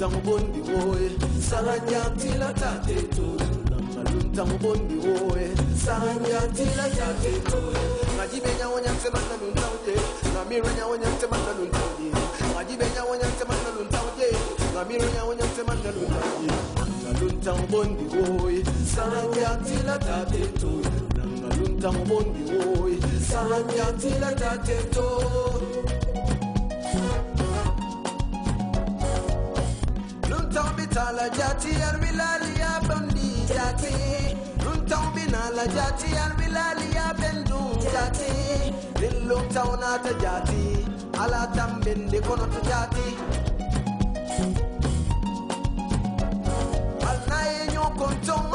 tang bon di woe tila tate to namalun tang bon di woe saranya tila tate to ngajibenya wonya semana nuntauje ngamirenya wonya semana nuntauje ngajibenya wonya semana nuntauje ngamirenya wonya semana nuntauje namalun tang bon di woe saranya tila tate to namalun tang bon di tila tate to Tala jati yar milali ya bandi jati Run taw binala jati yar milali ya bendu jati Lillu taw na nata jati Ala tambindi kono tu jati Al na Alnaye nyo kontong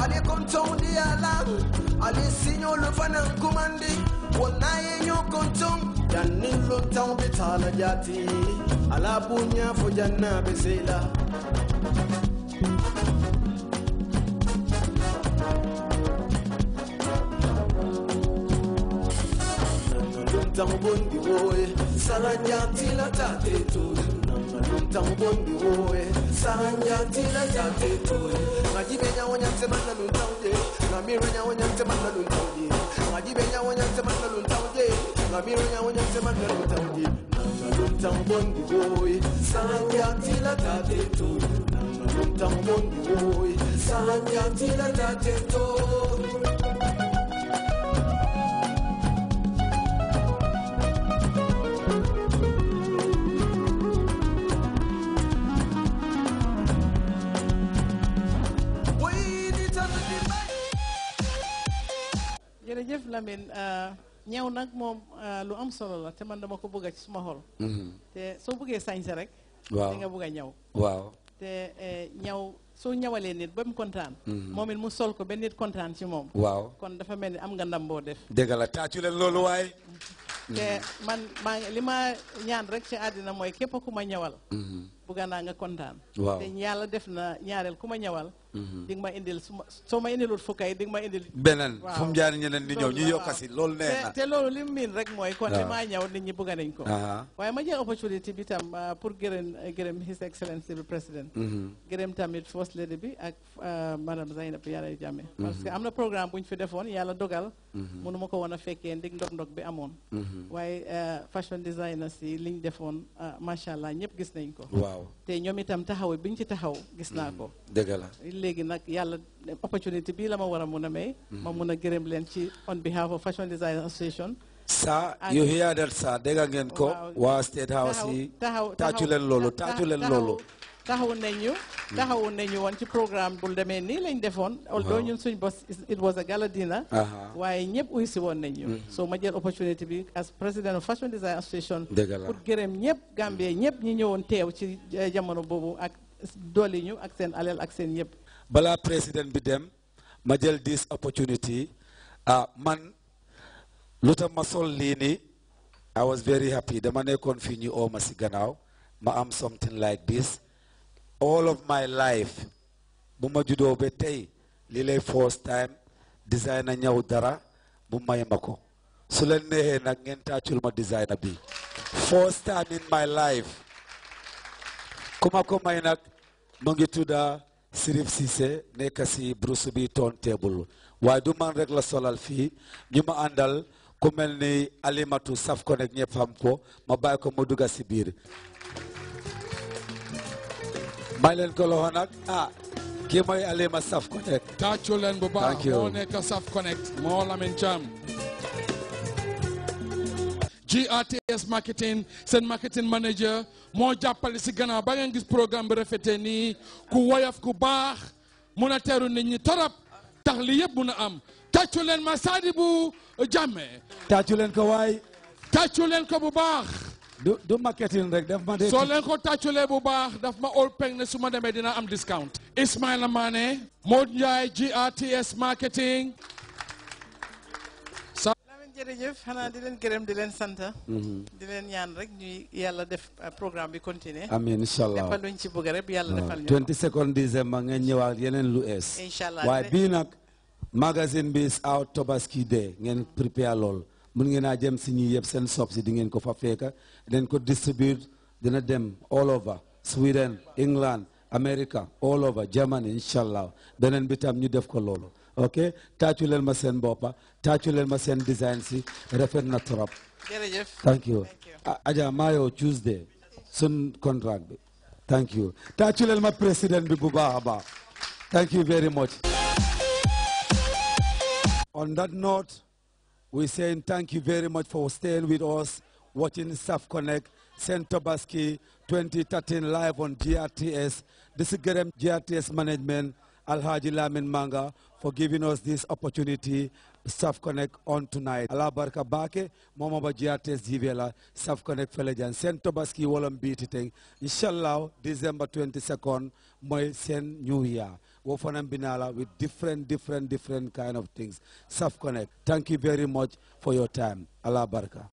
Ale kontong di alang Ale sinyo lufanan kumandi Wanaye nyo kontong Dan nillu taw bitala jati Ala bunya punya fujanna besela bondi woe saranya tila tate toe nuntangu bondi woe saranya tila tate toe ngajibenya wonya ntemana nuntauje ngamirenya wonya ntemana nuntauje ngajibenya wonya ntemana nuntauje ngamirenya wonya ntemana nuntauje nuntangu bondi woe saranya tila tate toe nuntangu bondi woe saranya tila tate toe Lamine euh, ñaw nag moom euh, lu am solo la te man dama ko bëgg a ci suma xol. Mhm. te soo bëggee sañse rek. waaw nga bëgg a ñëw. waaw te euh, ñaw soo ñëwalee nit ba mu kontaan. Mhm. moom it mu sol ko ba nit kontaan ci moom. waaw kon dafa mel ni am nga ndam boo def. dëgg la taacu leen loolu waaye. te man maa li ma ñaan rek ci àddina mooy képp ku ma ñëwal. Mhm. bugga naa nga kontaan waaw te yàlla def na ñaareel ku ma ñawal mhm. di nga ma indil soo ma indilul fukkay di ma indil beneen fu mu jaar ñeneen di ñëw ñu yokk si loolu nee na te loolu li mu miin rek mooy kon li maa ñaw nit ñi bugga nañ ko waaye ma jël opportunité bi tam euh, pour gërëm gërëm his excellence bi président mhm. gërëm tamit first lady bi ak euh, madame Zainab Yaya Jammeh mhm. parce que am na programme bu ñu fi defoon yàlla dogal mënu ma ko woon a fekkee ndig ndog ndog bi amoon waaye euh, fashion designers yi liñ defoon macha allah ñëpp gis nañ ko waaw te ñoom itam taxaw bi ñu ci taxaw gis naa ko mm. dëgg la léegi nag yàlla opportunité bii la ma war mun a may mm-hmm. ma mun a gërëm leen ci on behalf of Fashion Design Association saa you hear that saa dégg ngeen ko waa State House yi taxaw taacu leen loolu taacu leen loolu taxawoon nañ ñu taxawoon nañu woon ci programme bu demee nii lañ defoon although ñun suñ bos it was a gala dinner waaye ñëpp uy si woon nañ mhm. so ma jël opportunity bi as president of fashion design association pour gërëm ñëpp Gambie ñëpp ñi ñëwoon teew ci eh, jamono boobu ak dooli ñu ak seen alal ak seen ñëpp balaa président bi dem ma jël this opportunity ah man lu tax ma sol lii nii I was very happy dama nekkoon fii ñu oo ma si gannaaw ma am something like this all of my life bu ma juddoo ba tey lii lay first time designer ñaw dara bu may ma ko su leen neexee nag ngeen tàccul ma designer bi first time in my life ku ma ko may nag mu ngi tudda Sirif Cissé nekk si brousse bi toon table waaye du man rek la solal fii ñu ma àndal ku mel ni Alimatu saf ko nekk ñëpp xam ko ma bàyyi ko mu dugg si biir bàyyi leen ko loxo nag ah kii mooy Alima Saf Connect tàccu leen bu baax moo nekk Saf Connect moo Lamin Cham GRTS marketing seen marketing manager moo jàppale si gannaaw ba ngeen gis programme bi rafetee nii ku woyof ku baax mu na teeru nit ñi torop tax li yëpp mun a am tàccu leen ma Sadibou Jammeh tàccu leen ko waay tàccu leen ko bu baax du du marketing rek daf ma dee. soo leen ko tàcculee bu baax daf ma ol peng ne su ma demee dina am discount. Ismaila Mane. Modou Ndiaye GRTS marketing. jërëjëf xanaa di leen gërëm di leen sant. di leen ñaan rek ñuy yàlla def euh, programme bi continuer. amiin incha allah defal luñ ci bëgg rek yàlla ah, defal ñu. 20 secondes décembre nga ñëwaat yeneen lu ees. incha allah waaye bii nag. magazine bi is out Tobaski de ngeen prepare lool. mun ngeen a jëm si ñuy yëpp seen sopp di ngeen ko fa fekka dañ ko distribute dina dem all over Sweden England America all over Germany incha allah beneen bi tam ñu def ko loolu ok taacu leen ma seen boppa taacu leen ma seen design si rafet na trop jërëjëf thank you Adja Mayo Tuesday sun contract bi thank you taacu leen ma président bi bu baax a baax thank you very much on that note We're saying thank you very much for staying with us, watching South Connect, St. Tobaski 2013 live on GRTS. This is Gerem GRTS Management, Alhaji Lamin Manga, for giving us this opportunity, South Connect on tonight. Allah Barka Bake, Momaba GRTS Jivela, South Connect Felejan, St. Tobaski Wolum Beatting. Inshallah, December 22nd, my St. New Year. Wofan and Binala with different, different, different kind of things. Self-connect. Thank you very much for your time. Allah Baraka.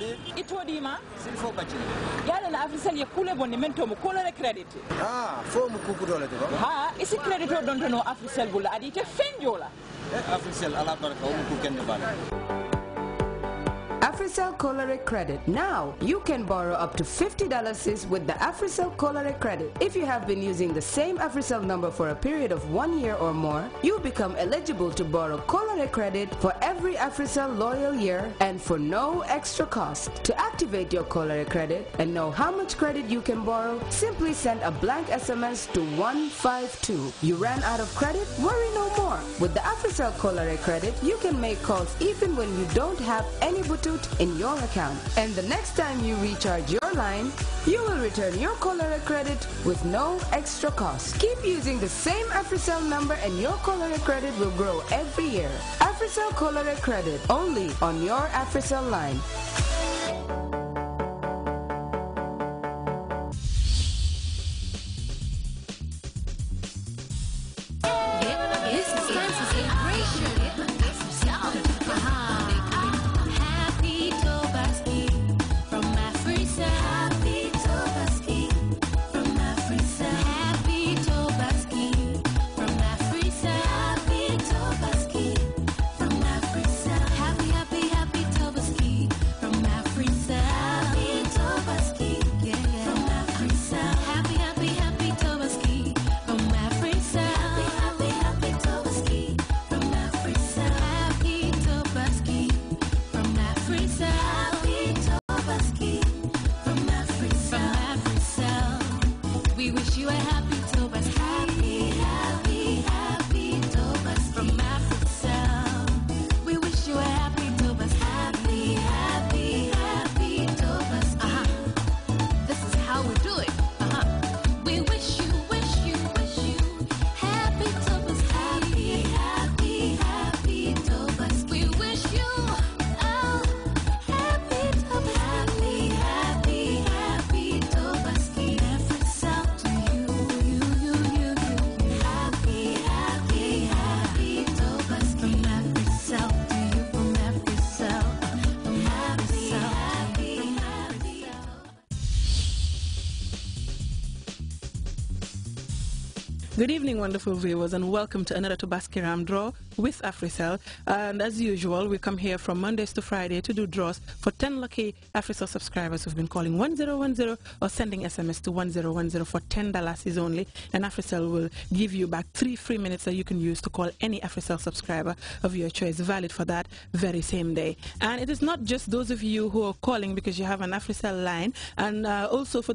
E credit itwodima ah, sin fo baccine yaɗon afrisal ye kuule bonde men credit a fo mo kukudole to ha isi credit o ɗon tono afrisel bulla aɗa yite feñjola e eh, afrisel ala barka omo ku Africell Colore Credit. Now, you can borrow up to $50 with the Africell Colore Credit. If you have been using the same Africell number for a period of one year or more, you become eligible to borrow Colore Credit for every Africell loyal year and for no extra cost. To activate your Colore Credit and know how much credit you can borrow, simply send a blank SMS to 152. You ran out of credit? Worry no more. With the Africell Colore Credit, you can make calls even when you don't have any butut in your account. And the next time you recharge your line, you will return your cholera credit with no extra cost. Keep using the same AfriCell number and your cholera credit will grow every year. AfriCell Cholera Credit, only on your AfriCell line. We wish you a happy Good evening, wonderful viewers, and welcome to another Ram draw with AfriCell. And as usual, we come here from Mondays to Friday to do draws for 10 lucky AfriCell subscribers who've been calling 1010 or sending SMS to 1010 for $10 is only. And AfriCell will give you back three free minutes that you can use to call any AfriCell subscriber of your choice, valid for that very same day. And it is not just those of you who are calling because you have an AfriCell line, and uh, also for